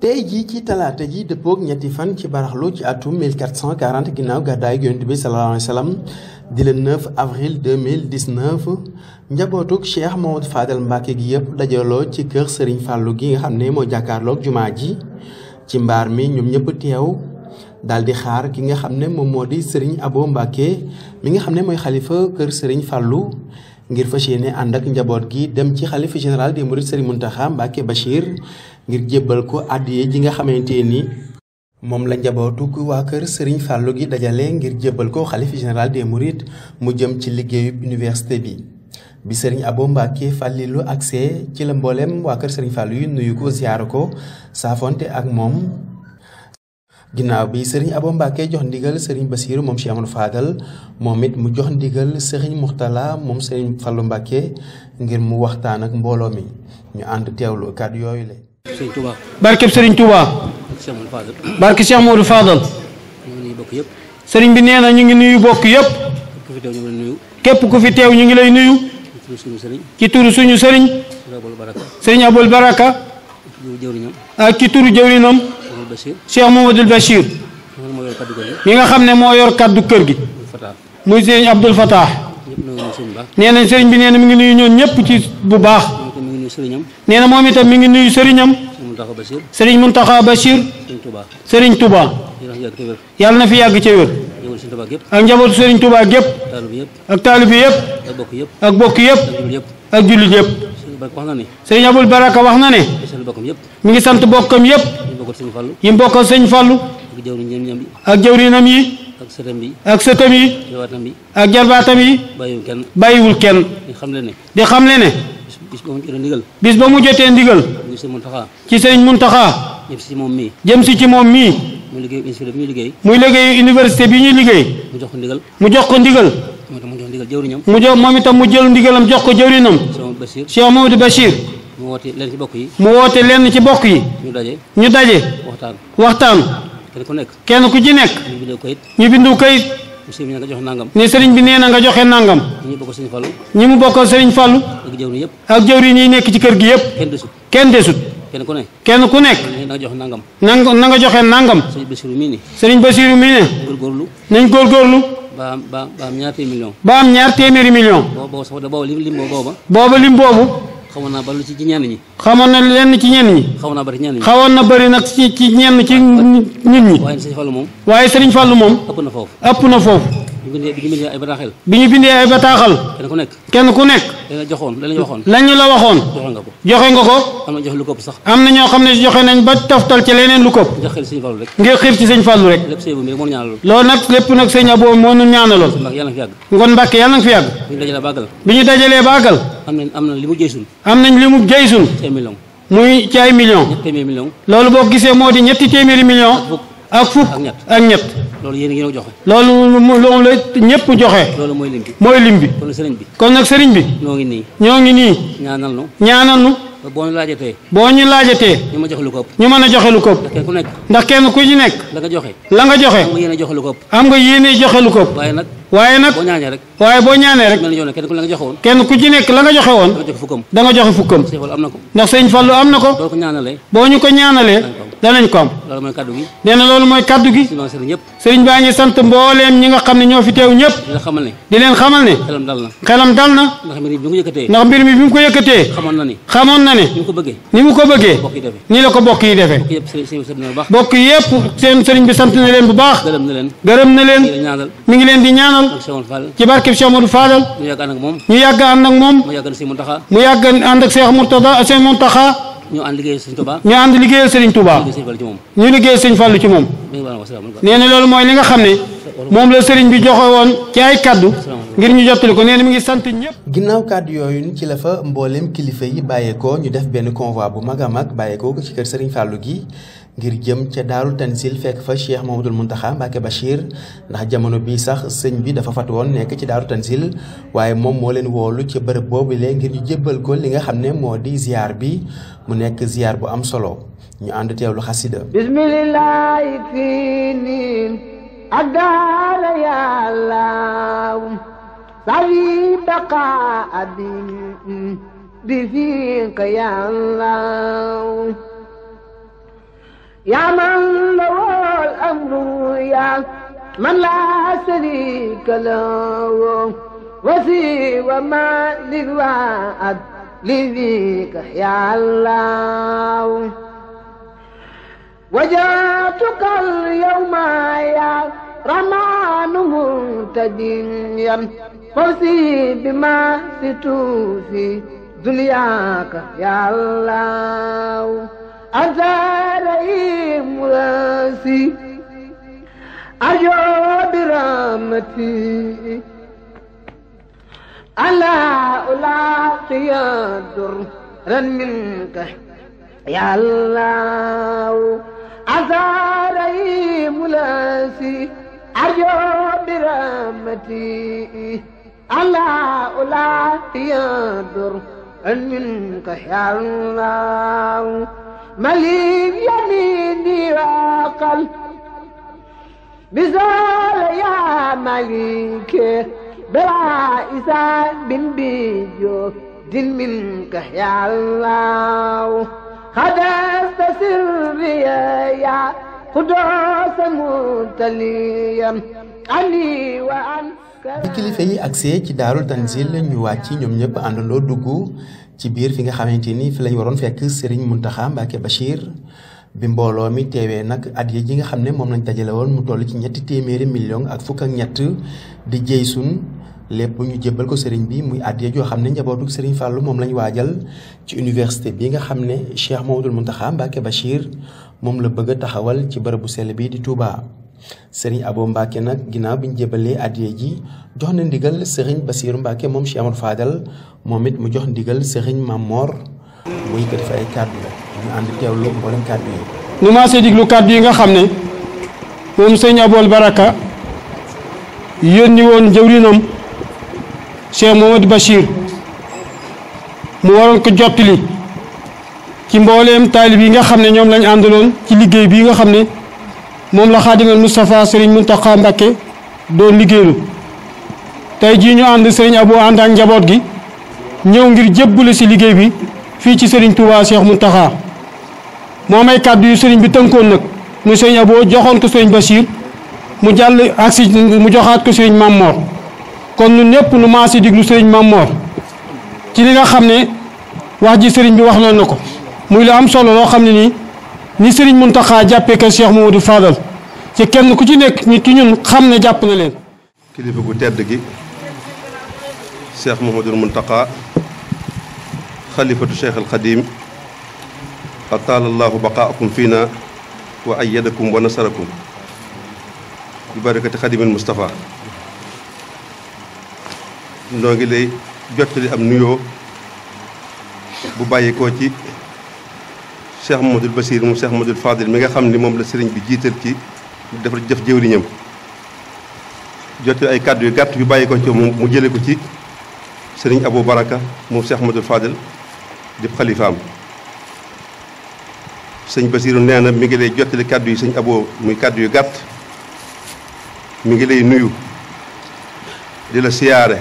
tey jii ci talaata ji dëppoog ñetti fan ci baraxlu ci atum 1440 ginnaaw gàddaayu yonent bi sallallahu alayhi wa sallam di le 9 avril 2019 njabootug Cheikh Mamadou Fadel Mbacke gi yëpp dajaloo ci kër Serigne Fallou gi nga xam ne mooy jàkkaarloog jumaa ji ci mbaar mi ñoom ñëpp teew daal di xaar ki nga xam ne moom moo di Serigne Abo Mbacke mi nga xam ne mooy xalifa kër Serigne Fallou ngir fas yéene ànd ak njaboot gi dem ci xalifa général des Mourides Serigne Mountakha Mbacke Bachir. ngir jébbal ko àddiya ji nga xamante ni moom la njabootu waa kër sëriñ Fallou gi dajale ngir jébbal ko xalif général des Mourides mu jëm ci liggéeyub université bi bi sëriñ Abo Mbacke Fallilou accès ci la mbooleem waa kër Serigne Fallou yi nuyu ko ziar ko saafonte ak moom. ginnaaw bi Serigne Abo Mbacke jox ndigal Serigne Bassirou moom Cheikh Amadou Fadal moom it mu jox ndigal sëriñ Mourtala moom Serigne Fallou Mbacke ngir mu waxtaan ak mbooloo mi ñu ànd teewlu yooyu Sëriñ Touba. barkeb Sëriñ Touba. barke Cheikh Modou Fadal. sëriñ bi nee na ñu ngi nuyu bokk yëpp. képp ku fi teew ñu ngi lay nuyu. ci turu suñu sëriñ. sëriñ Abul Baraka. ak ci turu jëwriñam. Cheikh Mamadou Bachir. mi nga xam ne moo yor kaddu kër gi. muy sëriñ Abdul Fatah. nee na sëriñ bi nee na mi ngi nuyu ñoom ñëpp ci bu baax. nuyu sëriñam. nee na moom itam mi ngi nuyu sëriñam. sëriñ Muntaxa Bachir. sëriñ Touba. yàlla na fi yàgg ca wér. ak njabootu sëriñ Touba gépp. ak taalib yëpp. ak bokk yëpp. ak jullit yëpp. sëriñ Abul Baraka wax na ne. mi ngi sant bokkam yëpp. yi mu bokkal sëñ Fallu. ak jëwriñam yi. ak sëtam yi ak sëtam yi. ak jarbaatam yi. bàyyiwul kenn. di xamle ne. bis ba mu jotee ndigal. bis ba mu jotee ndigal. ci sëriñ Muntaxa. ci sëriñ Muntaxa. jëm si ci moom mii. jëm si université bi ñuy liggéey. mu jox ko ndigal. moom itam mu jël ndigalam jox ko jëwriñam. Cheikh Mamadou Bachir. mu yi. mu woote lenn ci bokk yi. ñu daje. ñu daje. waxtaan. waxtaan. kenn ku nekk. kenn ku ci nekk. ñu bindu kayit. nga jox nangam. ne sëriñ bi nee na nga joxe nangam. ñi mu bokkal sëriñ Fallou. ak jawri yëpp. nekk ci kër gi yëpp. kenn desut. kenn desut. kenn ku nekk. na nga joxe nangam. na nga joxe nangam. sëriñ Bassirou mii ne. sëriñ Bassirou mii ne. góorgóorlu. nañ góorgóorlu. ba am ba am ñaar téeméeri million. ba am ñaar téeméeri million. booba lim boobu. booba lim boobu. xamoon naa bari ci ñenn ñi. xamoon na lenn ci ñenn ñi. xamoon na bari ci ñenn ñi. na bari nag ci ci ñenn ci nit ñi. waaye Sëriñ Fallu moom. waaye Sëriñ Fallu moom. ëpp na foofu ëpp na foofu. bi ñu bindee ay bataaxal. kenn ku nekk. kenn la joxoon la waxoon. lañ la waxoon. joxe nga ko. joxe nga am na ñoo xam ne joxe nañ ba toftal ci leneen lu kopp. ngir xiir ci sëñ Fallou rek. ngir xiir ci sëñ Fallou rek. lépp sëñ bi moo ñaanaloon. loolu nag lépp nag sëñ Abo moo ñu ñaanaloon. Ngon Mbàkke yàlla na fi yàgg. bi ñu dajalee baagal. bi ñu dajalee baagal. am nañ am nañ muy ci ay loolu boo gisee moo di ñetti téeméeri millions ak fukk ak ñett loolu yéen a ngi joxe. loolu loolu joxe. loolu mooy lim bi mooy lim bi. kon sëriñ bi kon nag sëriñ bi. ñoo ngi nii ñoo ngi nii. ñaanal nu ñaanal nu. boo ñu laajatee. boo ñu laajatee. ñu mën a joxe lu ko ëpp. mën a joxe lu ko ëpp. ndax kenn ku ci nekk. la nga joxe. la nga joxe. am nga yéene joxe lu ko ëpp. nga yéene joxe lu ko ëpp. nag. waaye nag waaye boo ñaanee rek kenn ku ci nekk la nga joxe woon da joxe fukkam ndax sëñ Fallu am na ko boo ñu ko ñaanalee danañ ko am nee na loolu mooy kaddu gi sëriñ baa ngi sant mbooleem ñi nga xam ne ñoo fi teew ñëpp di leen xamal ne xelam dal na ndax mbir mi bi mu ko yëkkatee xamoon na ne ni mu ko bëggee ni la ko bokk yi defee bokk yëpp seen sëriñ bi sant na leen bu baax gërëm na leen mi ngi leen di ñaanal ñaan ci barkeb Cheikh Amadou Fadal ñu yàgg ànd ak moom ñu yàgg ànd ak moom mu yàgg ànd ak Cheikh Mourtada Cheikh Mountakha ñu ànd liggéeyal Serigne Touba ñu ànd liggéeyal Serigne ñu liggéeyal Serigne Fallou ci moom nee na loolu mooy li nga xam ne moom la Serigne bi joxe ci ay kaddu ngir ñu jottali ko nee na mi ngi sant ñëpp. ginnaaw kaddu yooyu ci la fa mboolem kilifa yi bàyyeekoo ñu def benn convoi bu mag a mag bàyyeekoo ko ci kër Serigne Fallou gi ngir jëm ca daarul tansil fekk fa cheikh Mamadul Muntaxa Mbacke Bachir ndax jamono bi sax sëñ bi dafa fat woon nekk ci daaru tansil waaye moom moo leen woolu ca bërëb boobule ngir ñu jébbal ko li nga xam ne moo di ziar bi mu nekk ziar bu am solo ñu ànd teewlu xasida bismillahi fii niin ak daara yàllaaw sawi bi di fiiq yàllaaw yaa man lawoo amru yaa man laa sharika lahu wasi wa ma lil waad lidika ya allah wajatuka alyawma ya rahman murtadiyan fawsi bima situfi dunyaka ya allah أزاري مراسي أجو برامتي ألا ألاقي درا منك يا الله أزاري ملاسي أرجو برامتي ألا ألاقي درا منك يا الله مليم يميني وقل بزال يا مليك بلا إسان بن بيجو دل منك يا الله خدست سري يا قدوس متليا أني وأنك bi kilifa yi agsee ci daarul tanzil ñu wàcc ñoom ñëpp àndandoo dugg ci biir fi nga xamante ni fi lañ waroon fekk Serigne Mountakha Mbacké Bachir bi mbooloo mi teewee nag at yi nga xam ne moom lañ dajale woon mu toll ci ñetti téeméeri million ak fukk ak ñett di jëy sun lépp ñu jébbal ko sëriñ bi muy addiya joo xam ne njabootu sëriñ Fallou moom lañ waajal ci université bi nga xam ne Cheikh Mamadou Mountakha Mbacké Bachir moom la bëgg a taxawal ci bërëbu sell bi di tuubaa sëriñ Abo Mbacke nag ginnaaw bi ñu jébalee ji jox na ndigal sëriñ Bassirou Mbacke moom Cheikh Amadou Fadal moom it mu jox ndigal sëriñ Mamor muy ko def ay kàddu yi. nga xam ne moom sëriñ Abool Baraka yónni woon jëwriñam Cheikh Mamadou Bachir mu waroon ko jottali ci mbooleem taalib yi nga xam ne ñoom lañ àndaloon ci liggéey bii nga xam ne. moom la xaadimal Moustapha Serigne Mountakha Mbacké doon liggéeylu tey jii ñu ànd Serigne Abou ànd njaboot gi ñëw ngir jébbale si liggéey bi fii ci Serigne Touba Cheikh Mountakha moo may kàddu yu Serigne bi tënkoon nag muy Serigne Abou joxoon ko Serigne Bachir mu jàll ak si mu joxaat ko Serigne Mamor kon nu ñëpp nu maa si diglu Serigne Mamor ci li nga xam ne wax ji sëriñ bi wax noonu na ko muy lu am solo xam ne nii. ni sëriñ Muntaxa jàppee kër Cheikh Mamadou Fadal ci kenn ku ci nekk nit ci ñun xam ne jàpp na leen. kilifa gu tedd gi Cheikh Mamadou Muntaxa xalifatu Cheikh al Xadim ataalallahu baqaakum fiina wa ayyadakum wa nasarakum bi barakati xadimil Mustafa noo ngi lay jottali am nuyoo bu bàyyikoo ci. Cheikh Mamadou Bassir moom Cheikh Mamadou Fadil mi nga xam ni moom la sëriñ bi jiital ci dafa jëf jëwriñam jot ay kàddu yu gàtt yu bàyyi ko ci moom mu jële ko ci sëriñ Abou Baraka moom Cheikh Mamadou Fadil di xalifaam sëñ Basiiru nee na mi ngi lay jottali kàddu yi sëñ Aboo muy kàddu yu gàtt mu ngi lay nuyu di la siyaare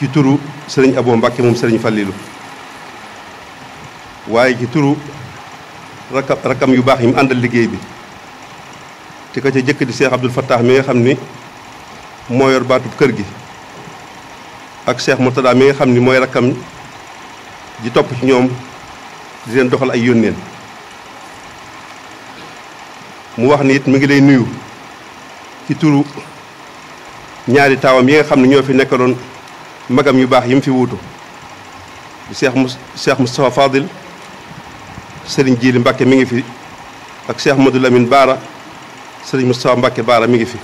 ci turu sëriñ Aboo Mbàkke moom sëriñ Fallilu waaye ci turu rakam rakam yu baax yi àndal liggéey bi te ka ca jëkk di Cheikh Abdoul Fattah mi nga xam ni moo yor baatub kër gi ak Cheikh Murtada mi nga xam ni mooy rakam ji topp ci ñoom di leen doxal ay yónneen mu wax ni it mi ngi lay nuyu ci turu ñaari taawam yi nga xam ne ñoo fi nekkaloon magam yu baax yi mu fi wuutu di Cheikh Cheikh Moustapha Fadil sëriñ Jiili Mbàkke mi ngi fi ak Cheikh Ahmadou Lamine Baara sëriñ Moustapha Mbàkke Baara mi ngi fi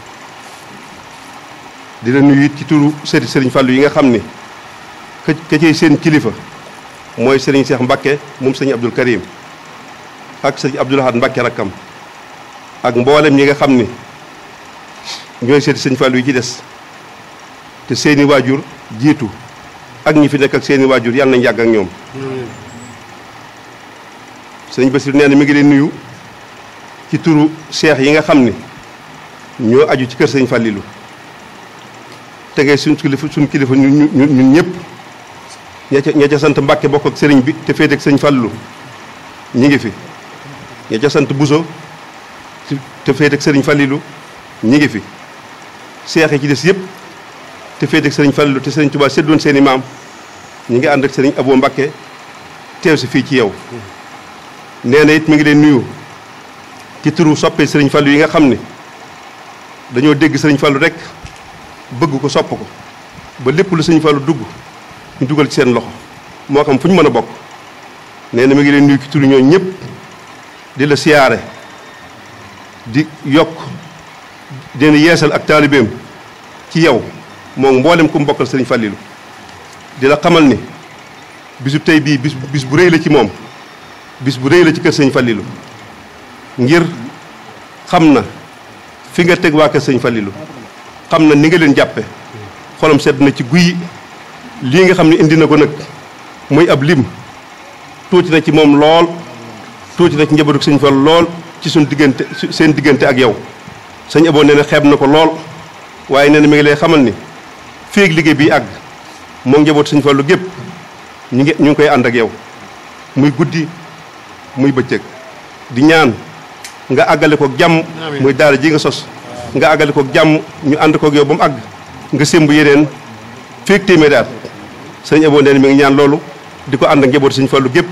di la nuyu it ci turu sëriñ sëriñ Fàllu yi nga xam ni ka cay seen kilifa mooy sëriñ Cheikh Mbàkke moom sëriñ Abdul Karim ak sëriñ Abdul Ahad Mbàkke rakkam ak mboolem ñi nga xam ni ñooy seeti sëriñ Fàllu yi ci des te seeni waajur jiitu ak ñi fi nekk ak seeni waajur yàlla nañ yàgg ak sëñ Bassirou nee na mi ngi leen nuyu ci turu seex yi nga xam ni ñoo aju ci kër sëñ Fallilou te ngay suñ kilifa suñ kilifa ñun ñun ñëpp ña ña ca sant Mbàkke bokk ak sëriñ bi te féete ak sëñ Fallou ñu ngi fi. ña ca sant Bousso te féete ak sëriñ Fallilou ñu ngi fi seex yi ci des yëpp te féete ak sëriñ te sëriñ Touba seddoon seeni i maam ñu ngi ànd ak sëriñ Abo Mbàkke teew si fii ci yow. nee na it mi ngi leen nuyu ci turu soppee sëriñ Fallou yi nga xam ni dañoo dégg sëriñ Fallou rek bëgg ko sopp ko ba lépp lu sëriñ Fallou dugg ñu dugal ci seen loxo moo xam fu ñu mën a bokk nee na mi ngi leen nuyu ci turu ñooñu ñëpp di la siyaare di yokk di leen yeesal ak taalibeem ci yow moom mboolem ku mu bokkal sëriñ Fallilou di la xamal ni bisu tey bii bis bis bu rëy la ci moom. bis bu rëy la ci kër sëñ Fallilou ngir xam na fi nga teg waa kër sëñ Fallilou xam na ni nga leen jàppe xolam sedd na ci guyi lii nga xam ne indi na ko nag muy ab lim tuuti na ci moom lool tuuti na ci njabootu sëñ Fall lool ci suñ diggante seen diggante ak yow sëñ Abo nee na xeeb na ko lool waaye nee na mi ngi lay xamal ni fii ak liggéey bi àgg moo njaboot sëñ Fallu gépp ñu ngi ñu ngi koy ànd ak yow muy guddi muy bëccëg di ñaan nga àggale koog jàmm muy daara ji nga sos nga àggale koog jàmm ñu ànd koog yow ba mu àgg nga simb yeneen fiig téeméeri at sëñ Abo Ndeen mi ngi ñaan loolu di ko ànd ak njaboot suñu fàllu gépp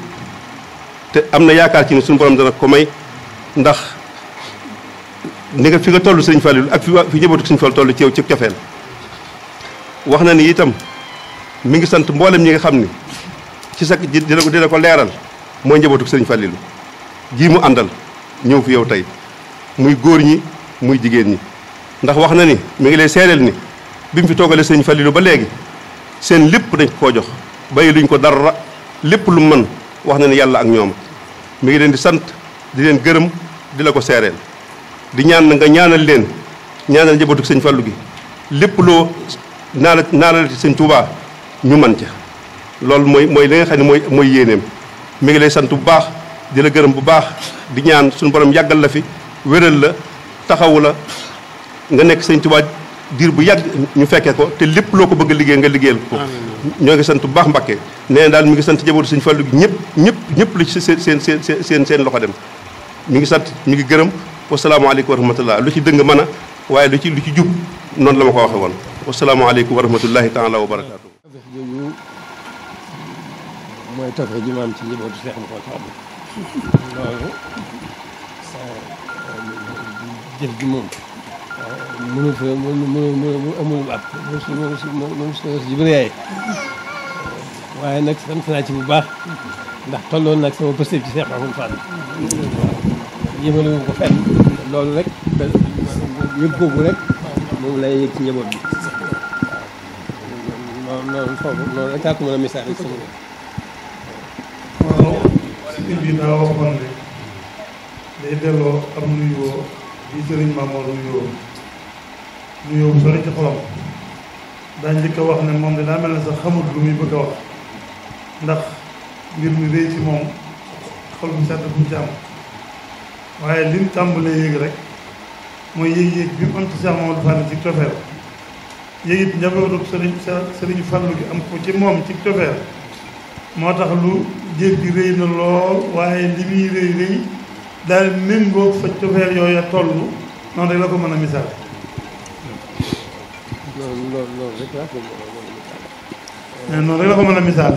te am na yaakaar ci ne suñu borom dana ko may ndax ni nga fi nga toll sëñ Fallou ak fi njabootu sëñ Fallou toll ci yow ci cofeel wax na ni itam mu ngi sant mboolem ñi nga xam ni ci sa dina ko leeral mooy njabootu sëriñ Fallilou ji mu àndal ñëw fi yow tey muy góor ñi muy jigéen ñi ndax wax na ni mu ngi lay seereel ni bi mu fi toogalee sëriñ Fallilou ba léegi seen lépp dañ koo jox bàyyi luñ ko dara lépp lu mën wax na ni yàlla ak ñoom mu ngi leen di sant di leen gërëm di la ko seereel di ñaan na nga ñaanal leen ñaanal njabootu sëñ Fallu gi lépp loo naanal naanal ci sëñ Tuubaa ñu man ca loolu mooy mooy li nga xam ne mooy mooy yéeneem mi ngi lay sant bu baax di la gërëm bu baax di ñaan suñu borom yàggal la fi wéral la taxawu la nga nekk sëñ Tuubaa diir bu yàgg ñu fekkee ko te lépp loo ko bëgg a liggéey nga liggéeyal ko ñoo ngi sant bu baax Mbàkke nee na daal mu ngi sant jabootu sëñ Fallu gi ñëpp ñëpp ñëpp la ci seen seen seen seen seen loxo dem mi ngi sant mi ngi gërëm wasalaamaaleykum wa rahmatullah lu ci dëng mën a waaye lu ci lu ci jub noonu la ma ko waxee woon wasalaamaaleykum wa rahmatullahi taala wa barakaatu mooy topp ji ma am ci njabootu Cheikh Mouhamadou Fadel loolu sa jëf gi moom mënu fa mënu mënu amul ab moom su moom su moom su ji bëri yaay waaye nag sant naa ci bu baax ndax tolloon nag sama pëstéef ci Cheikh Mouhamadou Fadel yëmale wu ko fenn loolu rek yëg boobu rek moom lay yëg ci njaboot bi waaw loolu loolu foofu loolu rek daa ko mën a message sama sikkim bi daa waxoon ne day delloo am nuyoo bi sëriñ Mamoor nuyoo nuyoo bu sori ci xolam daa njëkk a wax ne moom daa mel ne sax xamut lu muy bëgg a wax ndax ngir mi rëy ci moom xol bu sedd bu ci am waaye li mu tàmbalee yéeg rek mooy yéeg-yéeg bi mu am ci Cheikh Mamadou Fadil ci cofeel yéegit njabootu sëriñ sëriñ Fallu gi ci moom ci cofeel moo tax lu géej gi rëy na lool waaye li muy rëy rëy daal méngóog fa cofeel yooya toll noonu la ko mën a misaal. loolu a misaal. noonu rek la ko mën a misaal.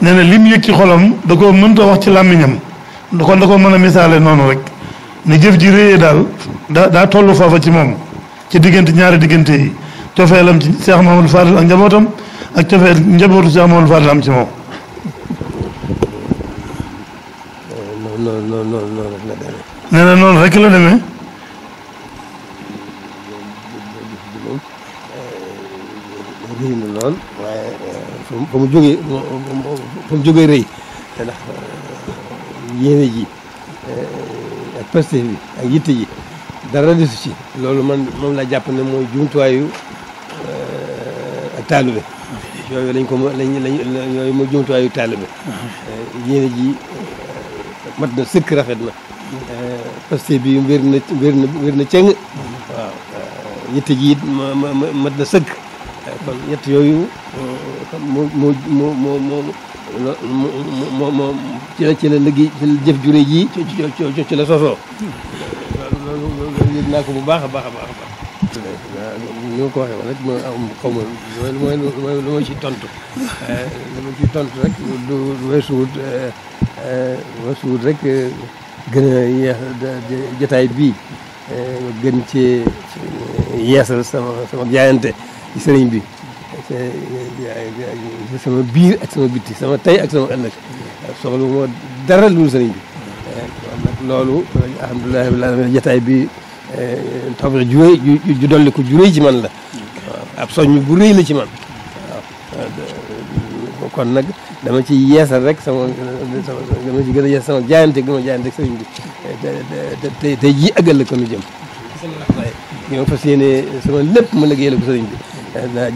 nee na li yëg ci xolam da koo mënta wax ci làmmiñam kon da koo mën a misaale noonu rek ne jëf ji rëyee daal daa daa toll foofa ci moom. ci diggante ñaari diggante yi cofeelam ci Cheikh Mahamadou Fadil ak njabootam ak cofeel njabootu Cheikh Mahamadou Fadil am ci moom. nee noonu rek la demee. rëy waaye euh, fa mu jógee rëy euh, yéene ji euh, ak pastèque bi ak yitte ji. dara desu ci loolu man moom la jàpp ne mooy jumtuwaayu euh, taalibe yooyu lañ ko lañ lañ yooyu mooy jumtuwaayu taalibe euh, yéene ji euh, mat na sëkk rafet na paste bi wér na wér na wér na cëng waaw yitte ji it mat na sëkk kon ñett yooyu moo moo moo moo moo moo ci la ci la liggéey ci la jëf jure ji ci la sosoo loolu yëg bu baax a baax a ko waxee woon rek ma xaw ma mooy tontu. Eh, lu ci tontu rek du weesuwut eh, weesuwut eh, gën a yees bii gën cee yeesal sama jaayante ci sëriñ bi. sama biir ak sama bitti sama tey ak sama ëllëg soxla moo dara lu bi. loolu alhamdulilah rabbil alamin jataay bi eh, tawfeex ju rëy ju dolli ju rëy ci man la waaw ab soñ bu rëy la ci man waaw kon nag dama ci yeesal rek sama sama dama ci gën a yeesal sama jaayante gu ma jaayante ak sëriñ bi te ko nu jëm ñoo fas yéene sama lépp ma liggéeyal ko sëriñ bi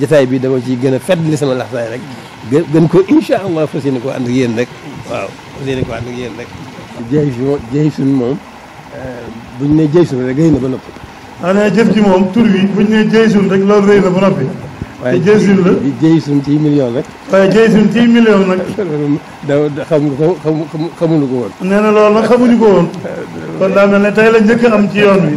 jataay bi dama ci gën a feddli sama laxsaay rek gën ko incha allah fas yéene koo ànd ak waaw fas yéen rek jëy fi moom jëy suñ moom bu ñu nee jëy suñ rek rëy na ba noppi. xanaa jëf ji moom tur wi bu ñu nee jëy suñ rek loolu rëy na ba noppi. waaye jëy suñ la jëy suñ ci million rek. waaye suñ ci million nag. da xam nga ko xam xamuñu ko woon. nee na loolu nag xamuñu ko woon kon daa mel ne tey la njëkk am ci yoon wi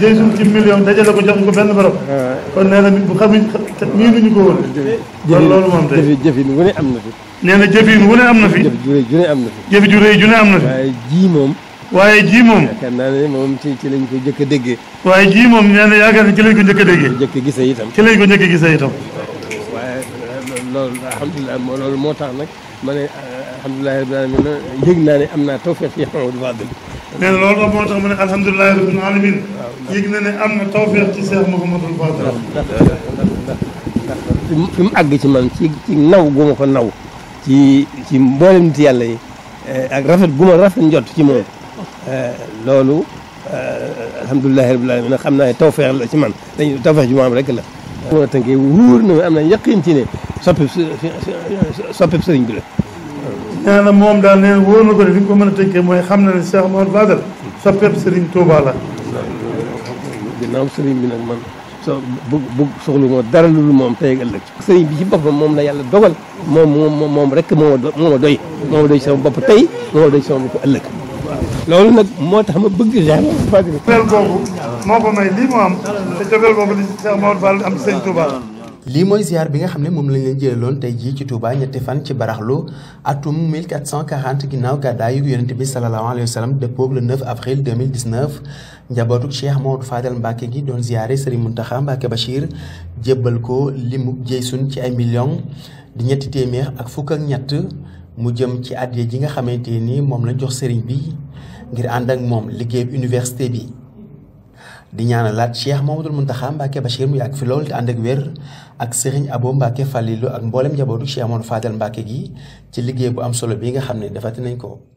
jëy suñ ci million dajale ko jox ko benn borom. Ah. kon nee na bu xamuñ xamuñu ko woon. jëf yi loolu moom tey jëf ne am na fi. nee na jëfin wu ne am na fi. jëf ju rëy ju ne am na fi. jëf ju rëy ju ne am na fi. waaye ji moom. waaye ji moom. yaakaar naa ne moom ci ci lañ ko njëkk a déggee. waaye ji moom nee na yaakaar ne ci lañ ko njëkk a déggee. njëkk a gisee itam. ci lañ ko njëkk a gisee itam. waaye loolu alhamdulilah loolu moo tax nag ma ne alhamdulilah rabbil alamin yëg naa ne am naa tawfeex ci Mouhamadou Fadel. nee na loolu moo tax ma ne alhamdulilah rabbil alamin yëg na ne am na tawfeex ci Cheikh Mouhamadou Fadel. ndax ndax ndax fi mu àgg ci man ci ci naw gu ma ko naw. ci ci mboolem nit yàlla eh, rafet gu ma rafet njot ci moom eh, loolu eh, alhamdulilahi rabbil alamin xam naa ne tawfeex la ci man dañu tawfeex ju ma am la mën a tënkee wóor am na yaqin ci ne soppi soppi sëriñ bi la na moom daal nee na na ko ne fi mën a tënkee mooy xam na ne Cheikh Mouhamadou Fadal soppeeb sëriñ Touba la ginnaaw sëriñ bi nag so bëgg bëgg soxlu ma dara lu dul moom tey ëllëg sëriñ bi ci boppam moom la yàlla dogal moom moom moom rek moo ma doy moo ma doy sama bopp tey moo ma doy sama bopp ëllëg loolu nag moo tax ma bëgg Cheikh Maodo Fall. cofeel googu moo ko may lii mu am te cofeel googu di Cheikh Maodo Fall am ci Sëriñ lii mooy ziar bi nga xam ne moom lañ leen jëlaloon tey jii ci Touba ñetti fan ci baraxlu atum 1440 ginnaaw gàddaayu yonente bi salallaahu alayhi wa sallam dëppoog le 9 avril 2019 moom Cheikh Maodou Fadel Mbacke gi doon ziare Serigne Mountakha Mbacke Bachir jébbal ko li limub jeysun ci ay million di ñetti téeméer ak fukk ak ñett mu jëm ci addiya ji nga xamante ni moom la jox sëriñ bi ngir ànd ak moom liggéey université bi di ñaanalaat Cheikh Mamadou Mountakha Mbacke Bachir mu yàgg fi lool te ànd ak wér ak Serigne Abo Mbacke Fallilou ak mboolem njabootu Cheikh Amadou Fadel Mbacke gi ci liggéey bu am solo bi nga xam ne defati nañ ko.